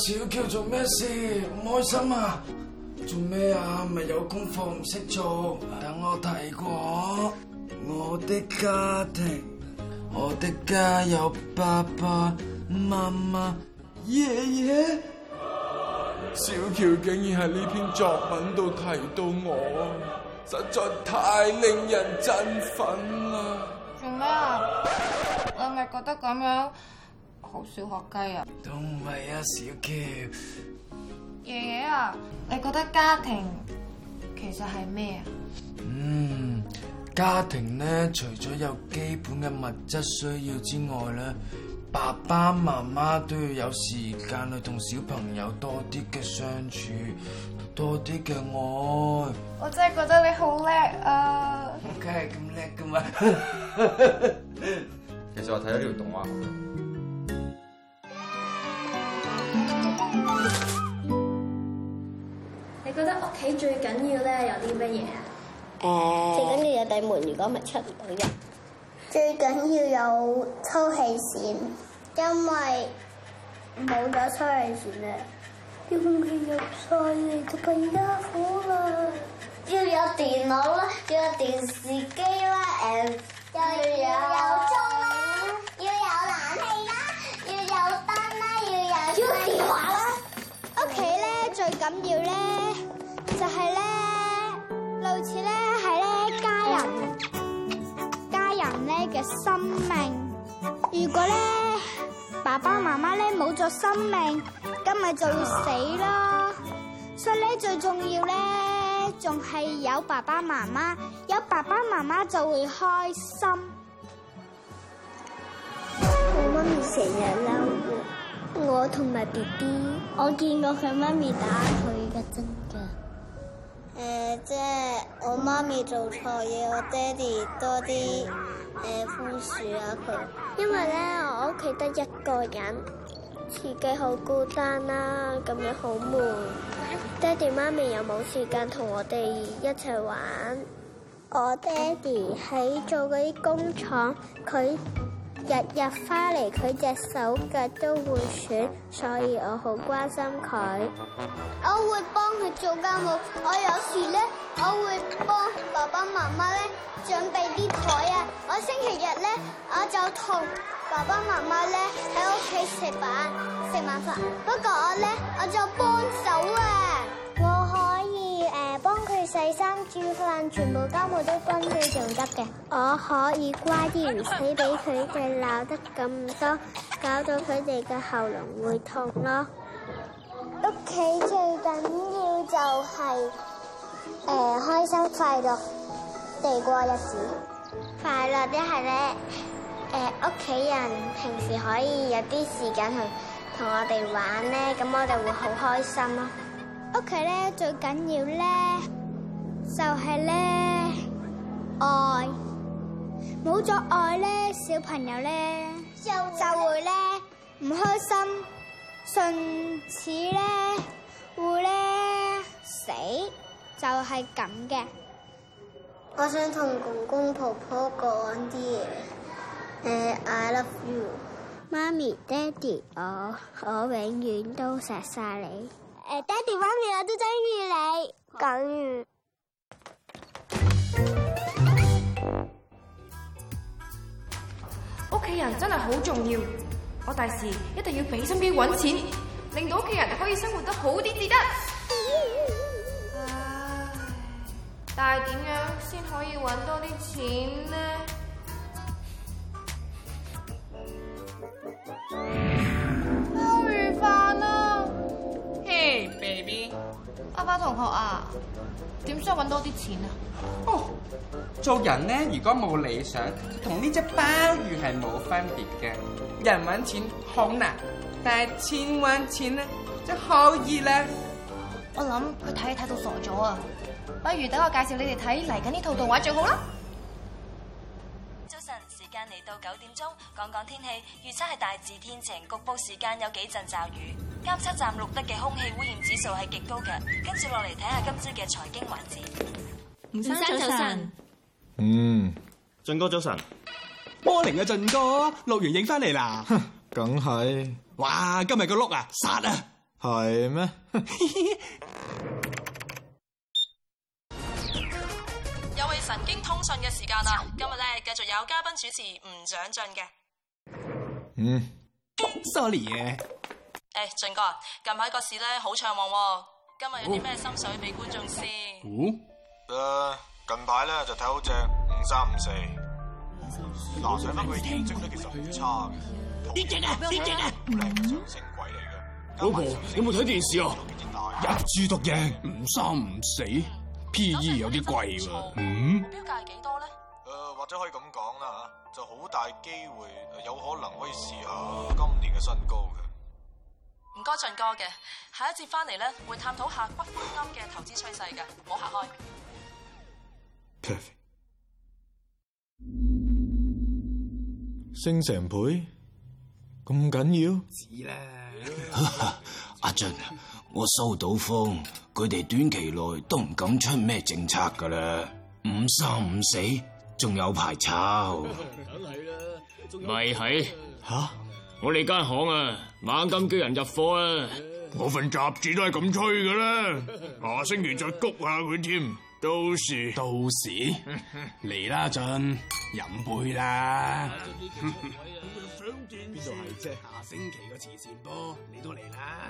小喬做咩事唔開心啊？做咩啊？咪有功課唔識做，等我睇過。我的家庭，我的家有爸爸媽媽、爺爺。小喬竟然喺呢篇作文度提到我，實在太令人振奮啦！做咩啊？你咪覺得咁樣？好少學雞啊，唔物啊，小喬。爺爺啊，你覺得家庭其實係咩啊？嗯，家庭咧，除咗有基本嘅物質需要之外咧，爸爸媽媽都要有時間去同小朋友多啲嘅相處，多啲嘅愛。我真係覺得你好叻啊！梗係咁叻咁啊！ 其實我睇到你唔同啊。你覺得屋企最緊要咧有啲乜嘢啊？誒，最緊要有大門，如果唔係出唔到人。最緊要有抽氣扇，因為冇咗抽氣扇咧，啲空氣入晒嚟，都更加苦啦。要有電腦啦，要有電視機啦，誒，又要有。緊要咧，就係咧，類似咧係咧家人，家人咧嘅生命。如果咧爸爸媽媽咧冇咗生命，今日就要死咯。所以咧最重要咧，仲係有爸爸媽媽，有爸爸媽媽就會開心。我媽咪成日啦！我同埋 B B，我見過佢媽咪打佢嘅真噶。誒、呃，即係我媽咪做錯嘢，我爹哋多啲誒寬恕啊佢。因為咧我屋企得一個人，自己好孤單啦、啊，咁樣好悶。爹哋媽咪又冇時間同我哋一齊玩。我爹哋喺做嗰啲工廠，佢。日日翻嚟，佢隻手腳都會損，所以我好關心佢。我會幫佢做家務，我有時咧，我會幫爸爸媽媽咧準備啲台啊。我星期日咧，我就同爸爸媽媽咧喺屋企食飯，食晚飯。不過我咧，我就幫手啊。洗衫煮飯，全部家務都分你做得嘅。我可以乖啲唔使俾佢哋鬧得咁多，搞到佢哋嘅喉嚨會痛咯。屋企最緊要就係誒開心快樂地過日子，快樂啲係咧誒屋企人平時可以有啲時間去同我哋玩咧，咁我哋會好開心咯。屋企咧最緊要咧，就係咧愛，冇咗愛咧，小朋友咧就就會咧唔開心，甚至咧會咧死，就係咁嘅。我想同公公婆婆講啲嘢，誒、欸，I love you，媽咪、爹哋，我我永遠都錫晒你。誒、欸，爹哋、媽咪，我都中意你。講完。家人真係好重要，我第時一定要俾心機搵錢，令到屋企人可以生活得好啲至得。唉，但係點樣先可以搵多啲錢呢？花花同學啊，點需要搵多啲錢啊？哦，做人咧，如果冇理想，同呢隻鮑魚係冇分別嘅。人搵錢好難，但係錢搵錢咧，啊，真可以咧，哦。我諗佢睇，睇到傻咗啊！不如等我介紹你哋睇嚟緊呢套動畫最好啦。早晨，時間嚟到九點鐘，講講天氣，預測係大致天晴，局部時間有幾陣驟雨。監測站錄得嘅空氣污染指數係極高嘅，跟住落嚟睇下看看今朝嘅財經環節。吳生早晨，嗯，俊哥早晨，morning 啊，俊哥，錄完影翻嚟啦。梗係。哇，今日個碌啊，殺啊！係咩是嗎？ 有位神經通訊嘅時間啦、啊，今日咧繼續有嘉賓主持，吳長俊嘅。嗯，sorry 嘅、啊。誒，俊哥，近排個市咧好暢旺，今日有啲咩心水俾觀眾先？誒，近排咧就睇好隻五三五四，拿上翻佢。成績咧其實唔差嘅。跌勁啊，跌勁啊！升軌嚟嘅。老婆，你有冇睇電視啊？一注獨贏，五三五四 PE 有啲貴喎。嗯，標價係幾多咧？誒，或者可以咁講啦吓，就好大機會，有可能可以試下今年嘅新高嘅。唔該，俊哥嘅下一節翻嚟咧，會探討下骨灰金嘅投資趨勢嘅，唔好行開。升成倍咁緊要？是阿、 啊、俊，我收到風，佢哋短期內都唔敢出咩政策噶啦，五三五四，仲有排炒。梗係啦，咪係吓？是我哋間行啊，猛咁叫人入貨啊！我份雜誌都係咁吹噶啦，下星期再谷下佢添。到時到時嚟啦， 俊，飲杯啦。邊度係即係下星期個慈善波？你都嚟啦。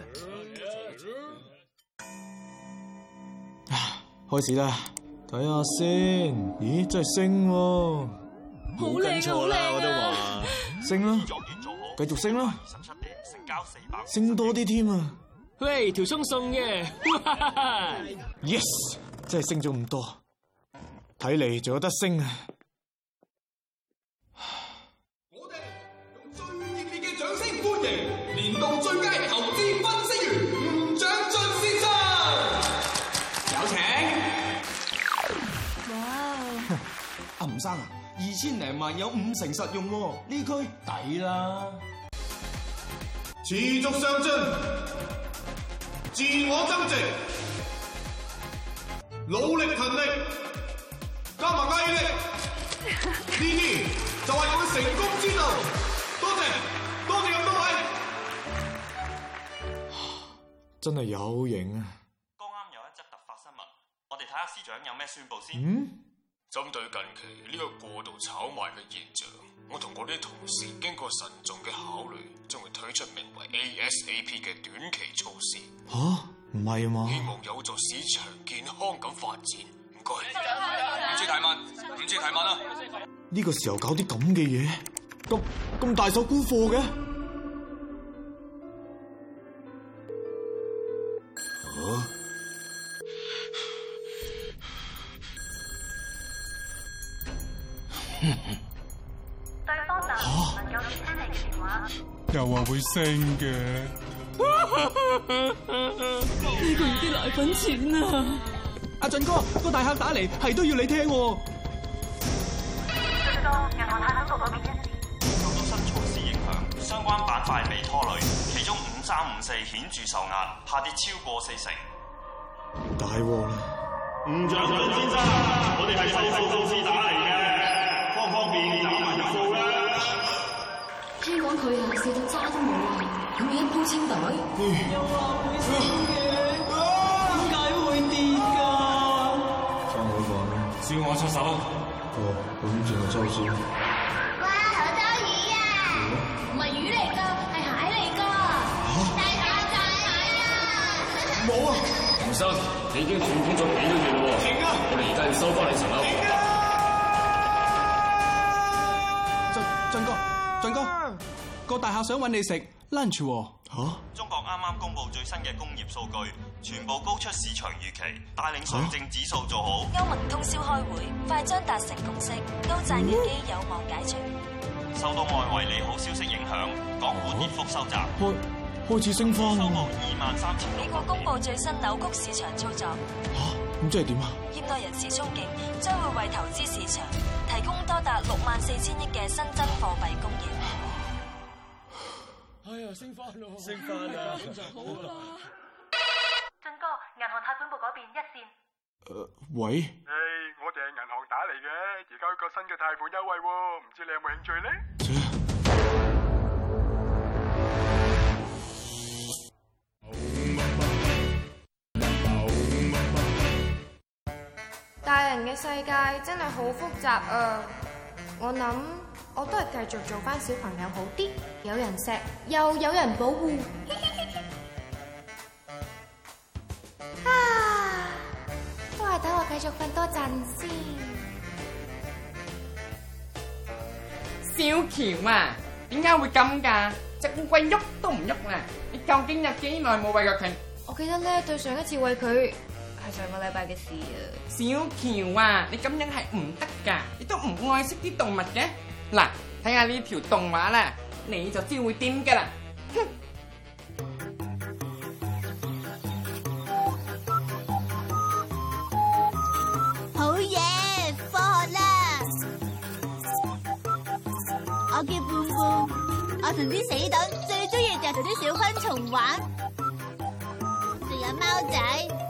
開始啦，睇下先。咦，真係升，啊好，好靚啊！我都話升啦、啊。啊啊繼續升囉，升多啲添啊！喂，條葱送嘅，yes，真係升咗咁多，睇嚟仲有得升啊！我哋用最熱烈嘅掌聲歡迎年度最佳投資千零萬有五成實用，呢區抵啦！持續上進，自我增值，努力勤力，加埋毅力，呢啲 就係我嘅成功之道。多謝，多謝咁多位， 真係有型啊！剛啱有一則突發新聞，我哋睇下司長有咩宣布先。針對近期呢個過度炒賣嘅現象，我同我啲同事經過慎重嘅考慮，將會推出名為 ASAP 嘅短期措施。吓，唔係啊嘛？希望有助市場健康咁發展。唔該，唔知提問，唔知提問啊！呢個時候搞啲咁嘅嘢，咁咁大手沽貨嘅？會升嘅，呢個月啲奶粉錢啊！阿俊哥，個大客打嚟，係都要你聽啊。最近銀行大客戶嗰邊，受到新措施影響，相關板塊被拖累，其中五三五四顯著受壓，下跌超過四成。大鑊啦！吳將軍先生，我哋係數數數字打嚟嘅，方方便走不走不走不走。聽講佢啊，瘦到渣都冇啊，咁點一鋪清袋？又話會損嘅，點解會跌噶？翻好本，需要我出手？哦，咁就係周叔。哇，好多魚啊！唔係魚嚟噶，係蟹嚟噶。大把大蟹啊！冇啊，吳生，你已經轉工咗幾多月啦？停啊！我哋而家要收翻你層樓。個大廈想揾你食 lunch，吓！喔啊、中國啱啱公布最新嘅工業數據，全部高出市場預期，帶領上證指數做好。歐盟通宵開會，快將達成共識，歐債危機有望解除。啊、受到外圍利好消息影響，港股跌幅收窄，啊、開開始升返收二萬三千。美國公布最新扭曲市場操作，吓，咁即係點啊？業內人士憧憬將會為投資市場提供多達六萬四千億嘅新增貨。升翻咯，升翻啦，好啊！俊哥，銀行貸款部嗰邊一線。誒，喂。我哋係銀行打嚟嘅，而家有個新嘅貸款優惠，唔知你有冇興趣咧？大人嘅世界真係好複雜啊，我諗。我都係繼續做翻小朋友好啲，有人錫又有人保護。啊，都係等我繼續瞓多陣先。小喬啊，點解會咁噶？隻烏龜喐都唔喐啊！你究竟有幾耐冇餵佢？我記得咧，對上一次餵佢係上個禮拜嘅事啊。小喬啊，你咁樣係唔得噶，你都唔愛惜啲動物嘅。嗱，睇下呢條動畫咧，你就知會點嘅啦。哼，好嘢，科學啦！我叫胖胖，我同啲死黨最中意就係同啲小昆蟲玩，仲有貓仔。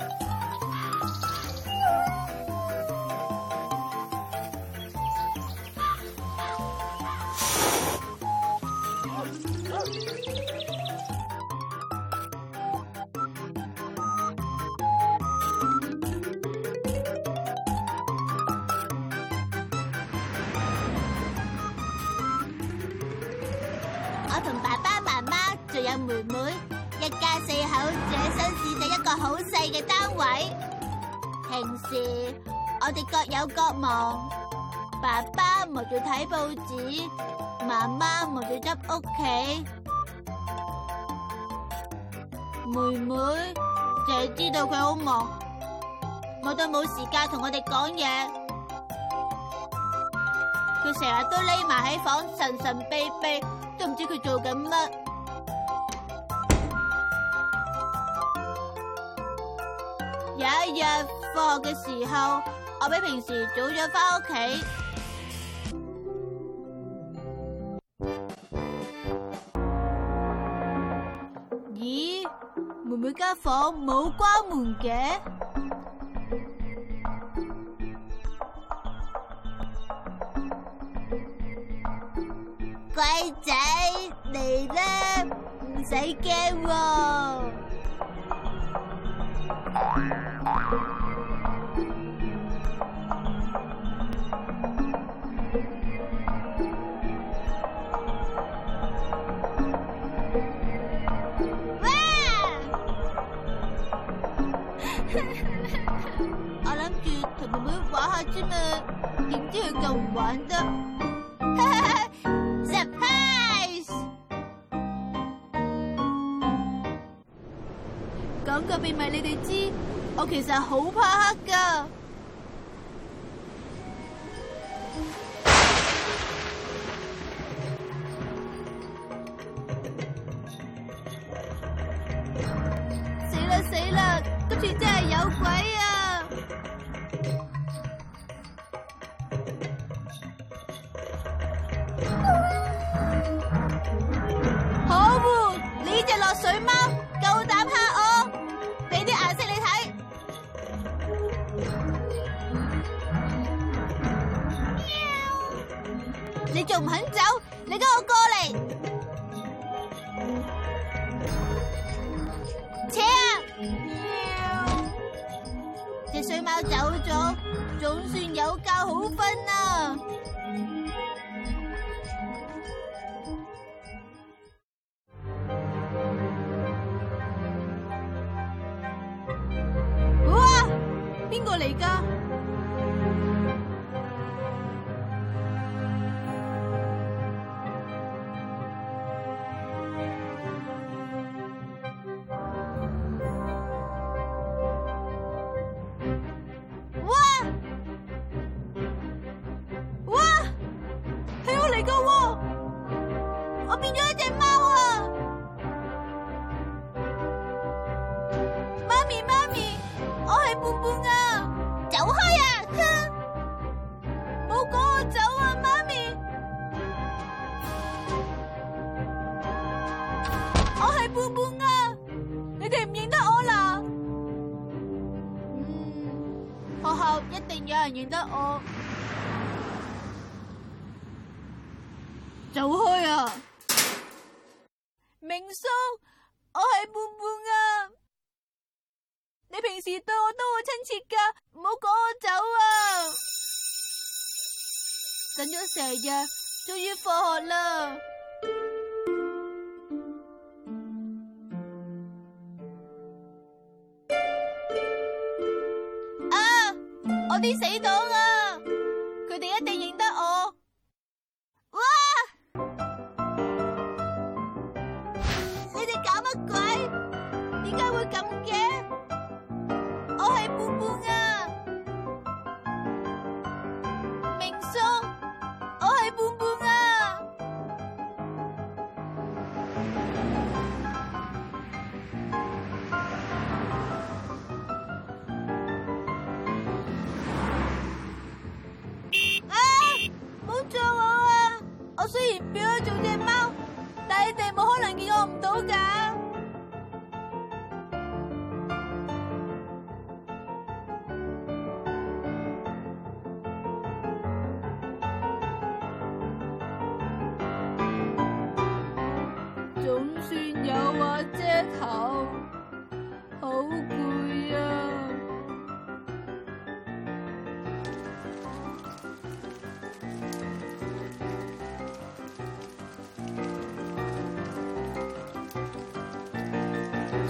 妹妹一家四口，這身住在一個好細嘅單位。平時我哋各有各忙，爸爸忙住睇報紙，媽媽忙住執屋企。妹妹淨係知道佢好忙，我都冇時間同我哋講嘢。佢成日都匿埋喺房，神神秘秘，都唔知佢做緊乜。有一日放學嘅時候，我比平時早咗翻屋企。咦，妹妹間房冇關門嘅，乖仔嚟啦，唔使驚喎。咪，你哋知，我其實係好怕黑噶。死啦死啦，今次真係有鬼啊！喵！隻水貓走咗，總算有覺好瞓啦、啊。變咗一隻貓啊！媽咪媽咪，我係胖胖啊！走開啊！哼！冇趕我走啊，媽咪！我係胖胖啊！你哋唔認得我啦？嗯，學校一定有人認得我。我係半半啊！你平時對我都好親切噶，唔好趕我走啊！等咗成日，終於放學啦！啊，我啲死黨啊！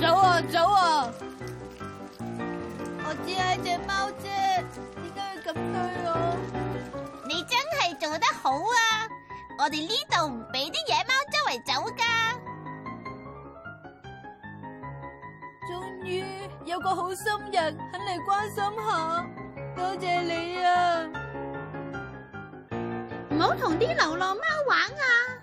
走啊走啊！我只係隻貓啫，點解要咁對我？你真係做得好啊！我哋呢度唔俾啲野貓周圍走噶。終於有個好心人肯嚟關心下，多謝你啊！唔好同啲流浪貓玩啊！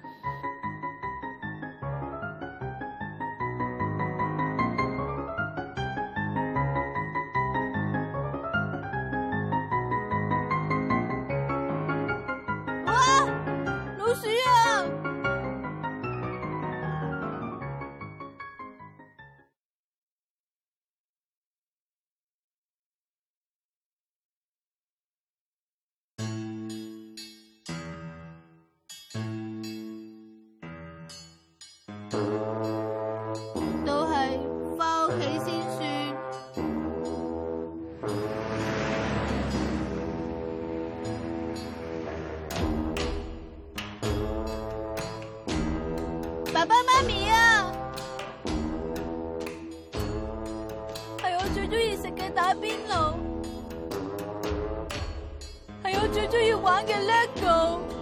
最中意玩嘅 LEGO。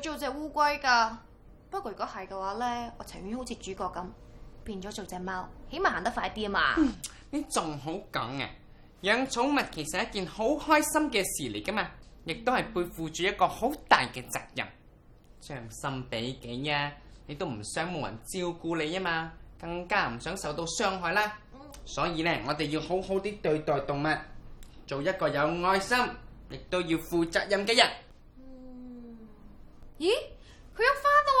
做隻烏龜噶，不過如果係嘅話咧，我情願好似主角咁變咗做隻貓，起碼行得快啲啊嘛！嗯、你仲好講啊？養寵物其實係一件好開心嘅事嚟噶嘛，亦都係背負住一個好大嘅責任。將心比己啊，你都唔想冇人照顧你啊嘛，更加唔想受到傷害啦。所以咧，我哋要好好啲對待動物，做一個有愛心，亦都要負責任嘅人。咦，佢喐翻啦喎！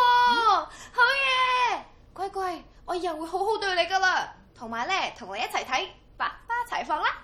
嗯、好嘢，乖乖，我又會好好對你噶啦，同埋咧，同你一齊睇百花齊放啦。